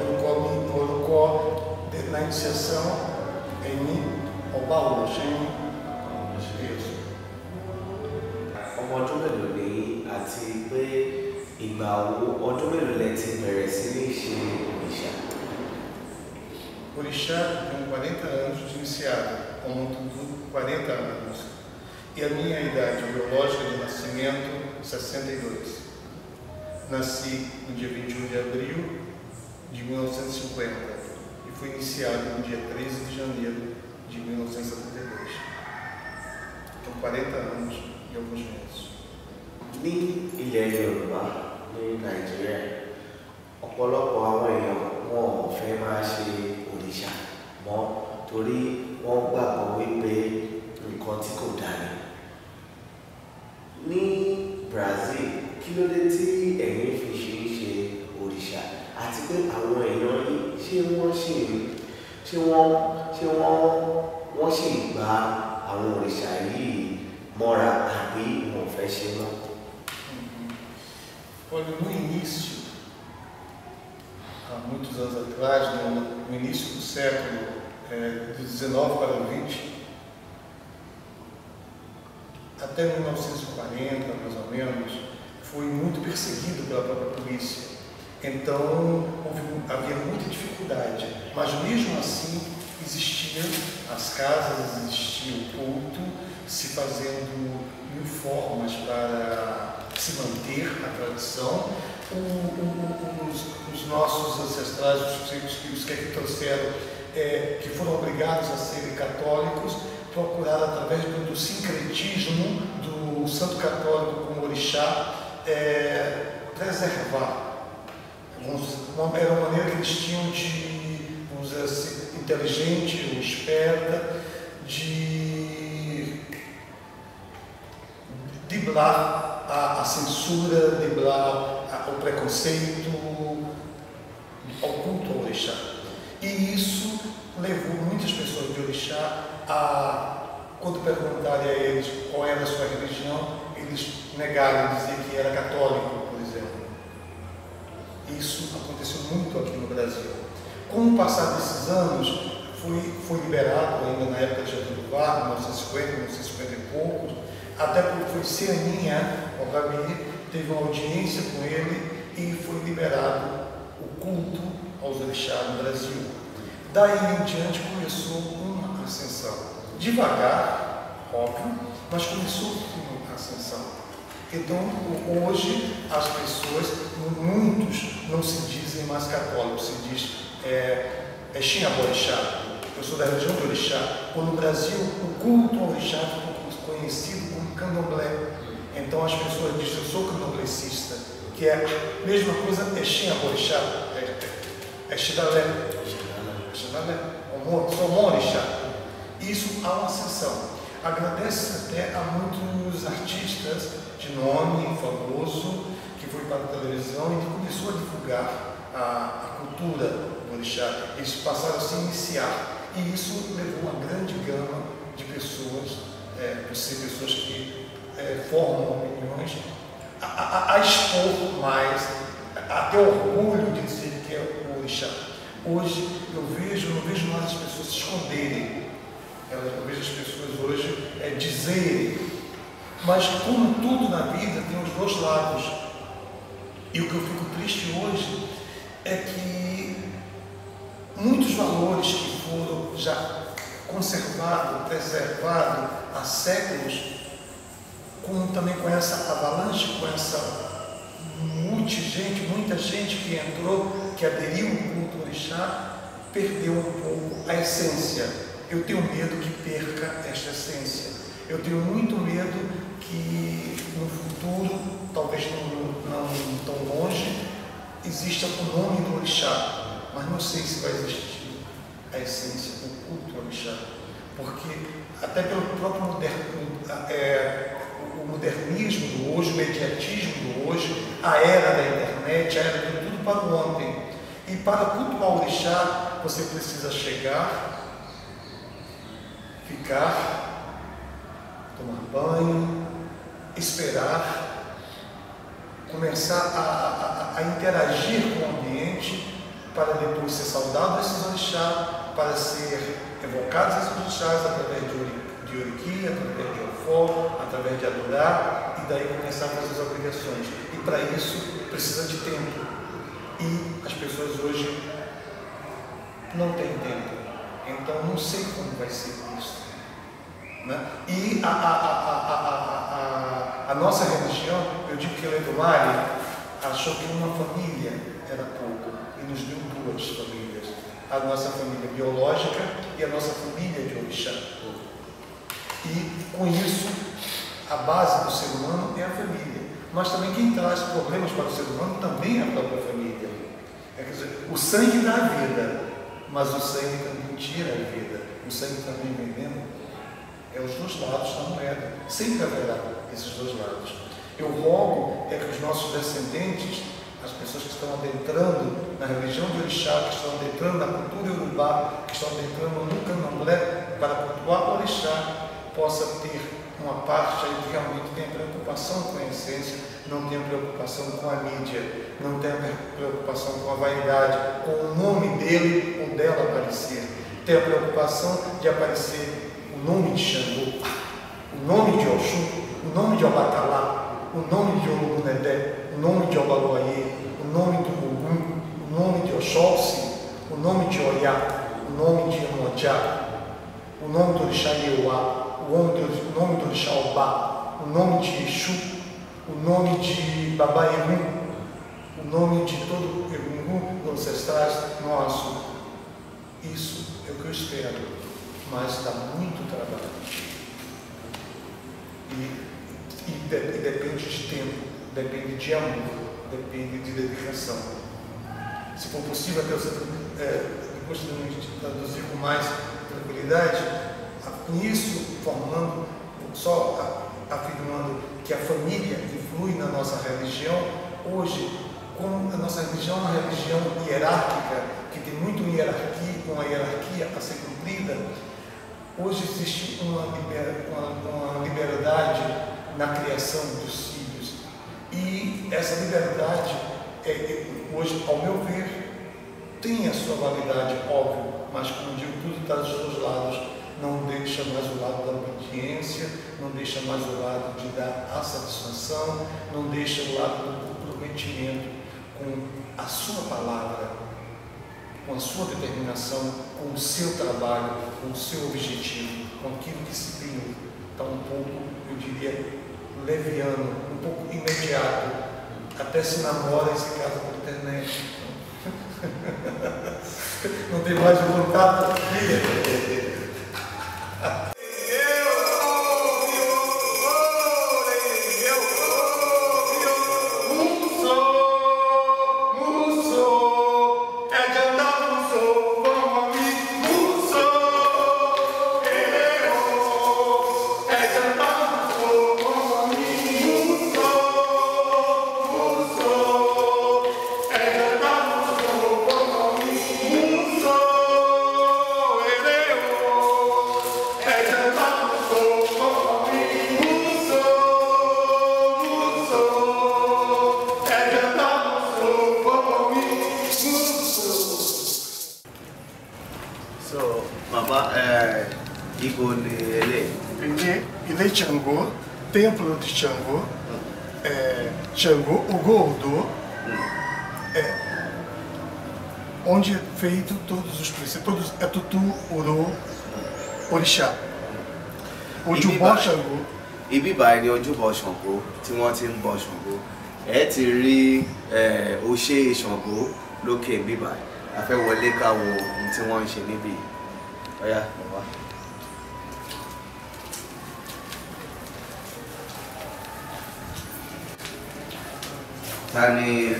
Orocó, Orocó na iniciação em Obaú, Xen, isso. ọmọ ọdún mélòó ni àti pé ìgbà wo ọdún mélòó lẹ ti bẹ̀rẹ̀ sí ní ṣe òrìṣà. com 40 anos de iniciado, como tudo 40 anos, e a minha idade biológica de nascimento, 62. Nasci no dia 21 de abril de 1950 e foi iniciado no dia 13 de janeiro de 1972. Então, 40 anos e alguns meses. Ní ilẹ̀ Yorùbá ní Nàìjíríà, ọ̀pọ̀lọpọ̀ àwọn èèyàn wọn ò fẹ́ máa ṣe òrìṣà mọ́ torí wọ́n gbàgbọ́ wípé nǹkan tí kò dára. Ní Brazil, kí ló dé àti pé àwọn èèyàn yìí ṣé wọ́n ṣì ń ṣé wọ́n ṣé wọ́n wọ́n ṣì gba àwọn òrìṣà yìí mọ́ra àbí wọn ò fẹ́ ṣe mọ́. Olha, no início, há muitos anos atrás, no início do século é, do 19 para 20, até 1940, mais ou menos, foi muito perseguido pela própria polícia. Então havia muita dificuldade, mas mesmo assim existiam as casas, existia o culto, se fazendo mil formas para se manter a tradição. O, o, os, os, nossos ancestrais, os, os que aqui trouxeram, é, que foram obrigados a serem católicos, procuraram através do, do sincretismo do santo católico como orixá é, preservar uma, era uma maneira que eles tinham de, vamos dizer assim, inteligente ou esperta, de driblar a, a, censura, driblar a, o preconceito ao culto ao orixá. E isso levou muitas pessoas de orixá a, quando perguntarem a eles qual era a sua religião, eles negaram, dizer que era católico, por exemplo. Isso aconteceu muito aqui no Brasil. Com o passar desses anos, foi, foi liberado ainda na época de Getúlio Vargas, 1950, 1950 e poucos, até porque foi Cianinha, o Rabi, teve uma audiência com ele e foi liberado o culto aos orixás no Brasil. Daí em diante começou uma ascensão. Devagar, óbvio, mas começou uma ascensão. Então, hoje, as pessoas, muitos, não se dizem mais católicos, se diz é, é Xinhaborixá, eu sou da região do Orixá, ou no Brasil, o culto ao Orixá ficou é conhecido como candomblé. Então, as pessoas dizem, eu sou candomblecista, que é a mesma coisa, é Xinhaborixá, é, é Xidalé, Xidalé, Xidalé, Somorixá. Isso há uma ascensão. Agradece até a muitos artistas de nome famoso que foi para a televisão e que começou a divulgar a, a cultura do orixá. Eles passaram a se iniciar e isso levou uma grande gama de pessoas, é, ser pessoas que é, formam opiniões, a, a, a, expor mais, a ter orgulho de dizer que é o orixá. Hoje eu vejo, não vejo mais as pessoas se esconderem eu vejo as pessoas hoje é, dizerem, mas como tudo na vida tem os dois lados. E o que eu fico triste hoje é que muitos valores que foram já conservados, preservados há séculos, como também com essa avalanche, com essa muita gente, muita gente que entrou, que aderiu ao culto orixá, perdeu um pouco a essência eu tenho medo que perca esta essência. Eu tenho muito medo que no futuro, talvez não, não, tão longe, exista o nome do orixá, mas não sei se vai existir a essência do culto orixá, porque até pelo próprio é, o modernismo do hoje, o mediatismo do hoje, a era da internet, a era do tudo para o ontem. E para cultuar o orixá, você precisa chegar ficar, tomar banho, esperar, começar a, a, a interagir com o ambiente para depois ser saudado esses orixás, para ser evocados esses orixás através de, de através de ofó, através de adorar e daí começar com essas obrigações. E para isso precisa de tempo. E as pessoas hoje não têm tempo. Então não sei como vai ser isso. Né? E a, a, a, a, nossa religião, eu digo que Leduária achou que uma família era pouco e nos deu duas famílias. A nossa família biológica e a nossa família de orixá. E com isso, a base do ser humano é a família. Mas também quem traz problemas para o ser humano também é a própria família. É, quer dizer, o sangue dá vida, mas o sangue também mentira a vida. O sangue também veneno. É os dois lados da moeda. Sempre haverá esses dois lados. Eu rogo é que os nossos descendentes, as pessoas que estão adentrando na religião do Orixá, que estão adentrando na cultura urubá, que estão adentrando no candomblé para cultuar o Orixá, possa ter uma parte aí que realmente tem preocupação com a essência, não tem preocupação com a mídia, não tem preocupação com a vaidade, com o nome dele ou dela aparecer tem a preocupação de aparecer o nome de Xangô, o nome de Oxum, o nome de Abatalá, o nome de Olumundé, o nome de Obaloaê, o nome do Ogum, o nome de Oxóssi, o nome de Oiá, o nome de Amodiá, o nome do Orixá Yeuá, o nome do, o nome do Orixá Obá, o nome de Exu, o nome de Babá Egum, o nome de todo Egum, ancestrais nosso isso é o que eu espero, mas dá muito trabalho. E, e, de, e depende de tempo, depende de amor, depende de dedicação. Se for possível, até você é, gostaria de traduzir com mais tranquilidade, com isso formando, só afirmando que a família influi na nossa religião, hoje como a nossa religião é uma religião hierárquica, que tem muito hierarquia, uma hierarquia a ser cumprida, hoje existe uma, uma, uma liberdade na criação dos filhos. E essa liberdade, é, é, hoje, ao meu ver, tem a sua validade, óbvio, mas como digo, tudo está dos seus lados não deixa mais o lado da obediência, não deixa mais o lado de dar a satisfação, não deixa o lado do comprometimento com a sua palavra, com a sua determinação, com o seu trabalho, com o seu objetivo, com aquilo que se tem, está um pouco, eu diria, leviano, um pouco imediato, até se namora e se casa por internet. Não tem mais o contato de Xangô, é, Xangô, o Godô, é, onde é feito todos os princípios, é Tutu, Uru, Orixá. Ojú bọ́ Ṣàngó. Ibi báyìí ni ojú bọ́ Ṣàngó tí wọ́n ti ń bọ Ṣàngó. Ẹ ti rí òṣè Ṣàngó lókè bíbá. A fẹ́ wọlé ká wo ohun tí wọ́n ń ṣe níbí. Ó yá, wá. ta ni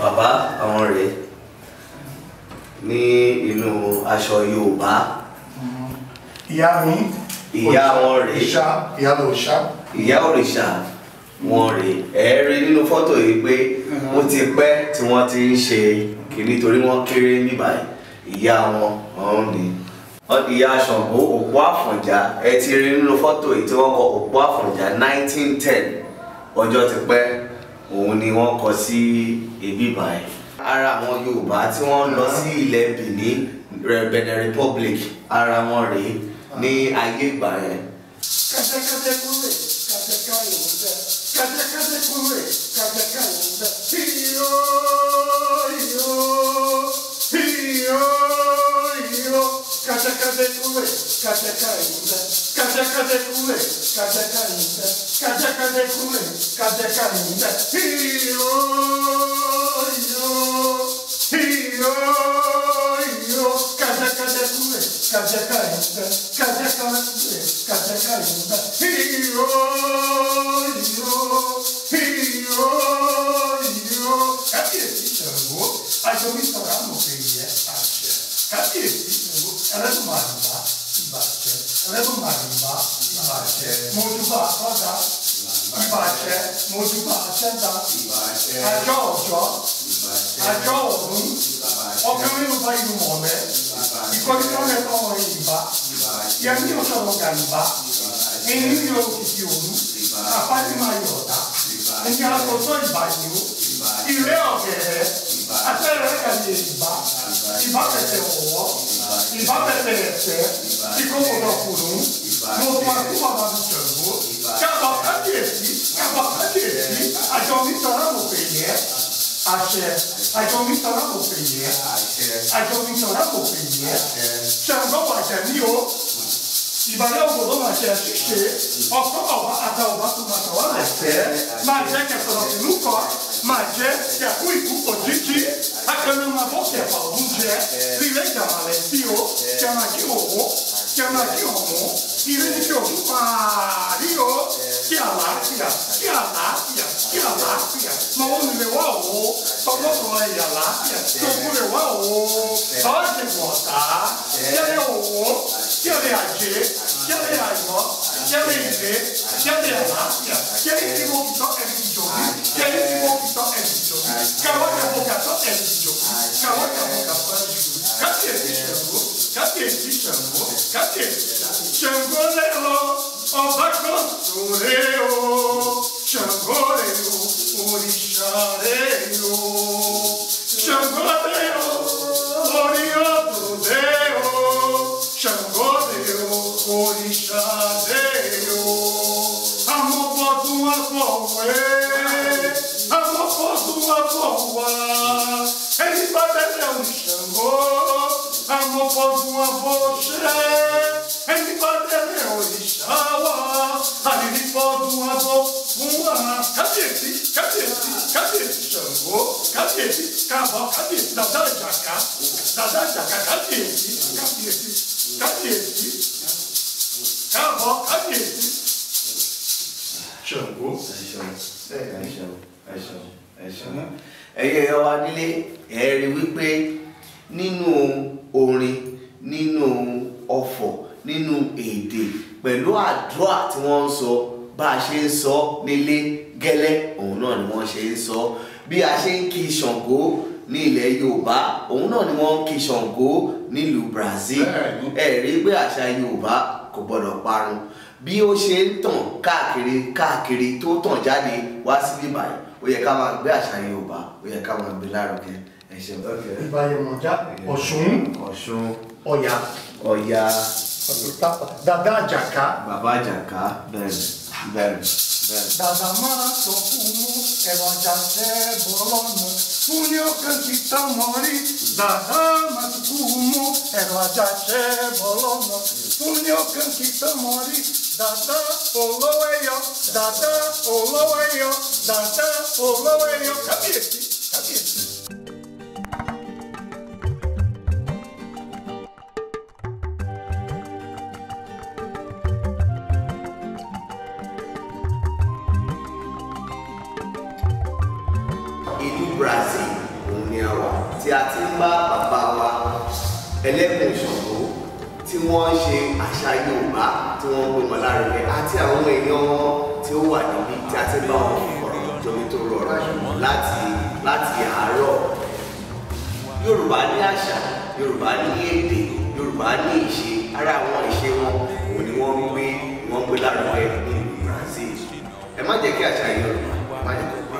bàbá àwọn rèé ní inú aṣọ Yorùbá. ìyá mi ìyá wọn rèé ìyá òrìṣà ìyá òrìṣà wọn rèé ẹ rí nínú fọ́tò yìí pé ó ti pẹ́ tí wọ́n ti ń ṣe kìíní torí wọ́n kéré ní báyìí ìyá wọn ọ̀hún ni ìyá Ṣàngó Òpó Àfọ̀njá ẹ ti rí nínú fọ́tò yìí tí wọ́n kọ Òpó Àfọ̀njá 1910 ọjọ́ ti pẹ́ òun ni wọ́n kọ sí ibi báyìí ara àwọn Yorùbá tí wọ́n lọ sí ilẹ̀ Benin Benin Republic ara wọn rèé ní ayé ìgbà yẹn. kàtàkàtà kúrè kàtàkà yòó bẹ kàtàkàtà kúrè kàtàkà yòó ń bẹ. Casa casa cuve, casa carinda, casa casa cuve, casa carinda, casa casa cuve, casa carinda. Hero! ẹlẹ́dùnmarìmbá ìbàjẹ́ ẹlẹ́dùnmarìmbá ìbàjẹ́ mojúbà àtọ́jà ìbàjẹ́ mojúbà àtẹ́ta àjọ ọ̀jọ́ àjọ ọ̀hún ọkùnrin ló bá ìlú mọ̀lẹ́ ìkọ́nìkọ́lẹ̀ lọ́wọ́ ìbá yẹmí ọ̀sọ̀rọ̀ gàlùbá ẹni yóò kìkì òru apánímà yọ̀ọ̀dá ẹni àkótó ìbàjẹ́ ìrẹ́ ọ̀gẹ̀rẹ̀ atẹ́rẹ́ kàlẹ́ ìbá. Ibapeteo, Ibapeteté, que comandou por um, montou uma curva do Xangô, Cabocla desse, Cabocla desse, a Jomitana no Pelé, Axé, a Jomitana no Pelé, a Jomitana no Pelé, Xangô Axé Miô, Ibaré o Golô Axé Xixê, Ocó Atalba Tumató mas Magé que é Sorotino mas Magé que é Cuicu 山地方も山地方も昼に今日もありよキャラキャキャラキャキャラキャもうねわおそのとはやらキャそこでわおあれもたやれおやれあじやれあいもやれいでやれあらやれいもとえびじょう Cadê? Xangô? Cadê? Xangô lelô, oba cantoreu, Xangô orixareiro, Xangô lelô, oriando deu, Xangô lelô, lixadeiro, amor por tua boa, amor por tua boa, ele vai beber um Xangô. amọ̀kọ̀dùn àbọ̀ṣẹ́ ẹni bá dẹ̀rẹ̀ òrìṣà wá àdìríkọ̀dùn àbọ̀ fún wa kábíyèsí kábíyèsí kábíyèsí ṣàngó kábíyèsí kábọ̀ kábíyèsí dàdá ìjàká dàdá ìjàká kábíyèsí kábíyèsí kábíyèsí kábọ̀ kábíyèsí ṣàngó. ẹ ṣeun ẹ ṣeun ẹ ṣeun ẹyẹ wa nílé ẹ rí wípé nínú orin nínú ọfọ̀ nínú èdè pẹ̀lú àdúrà tí wọ́n ń sọ bá a ṣe ń sọ nílé gẹ́lẹ́ òun náà ni wọ́n ṣe ń sọ bí a ṣe ń kí Ṣàngó ní ilẹ̀ Yorùbá òun náà ni wọ́n ń kí Ṣàngó nílùú Brazil ẹ̀rí pé àṣà Yorùbá kò gbọ́dọ̀ parun bí ó ṣe ń tàn káàkiri káàkiri tó tàn jáde wá sí bíbáyìí ó yẹ ká máa gbé àṣà Yorùbá ó yẹ ká máa gbé lárugẹ ìbàyẹ̀mọ̀já ọ̀ṣun ọ̀ṣun ọ̀yà ọ̀yà dàdá àjàká bàbá àjàká bẹ́ẹ̀ni bẹ́ẹ̀ni bẹ́ẹ̀ni. dàdá máa sọ Ben. mú ẹ̀rọ àjàṣẹ́ bọ̀ lọ́nà fún ní ọkàn kantita mori. mọ́ rí dàdá máa sọ fún mú ẹ̀rọ àjàṣẹ́ bọ̀ lọ́nà fún ní ọkàn ti tán mọ́ rí dàdá olówó ẹ̀yọ ẹlẹ́kùn ìṣòro tí wọ́n ṣe àṣà Yorùbá tí wọ́n gbé wọn lárugẹ àti àwọn èèyàn wọn tí ó wà níbi tí a ti bá wọn ọ̀rọ̀ ìjọba tó rọra láti láti àárọ̀ Yorùbá ní àṣà Yorùbá ní èdè Yorùbá ní ìṣe ara àwọn ìṣe wọn kò ní wọ́n gbé wọ́n gbé lárugẹ ní Brazil ẹ má jẹ́ kí àṣà Yorùbá má jẹ́ kó pa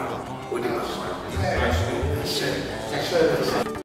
ó ní màá pa.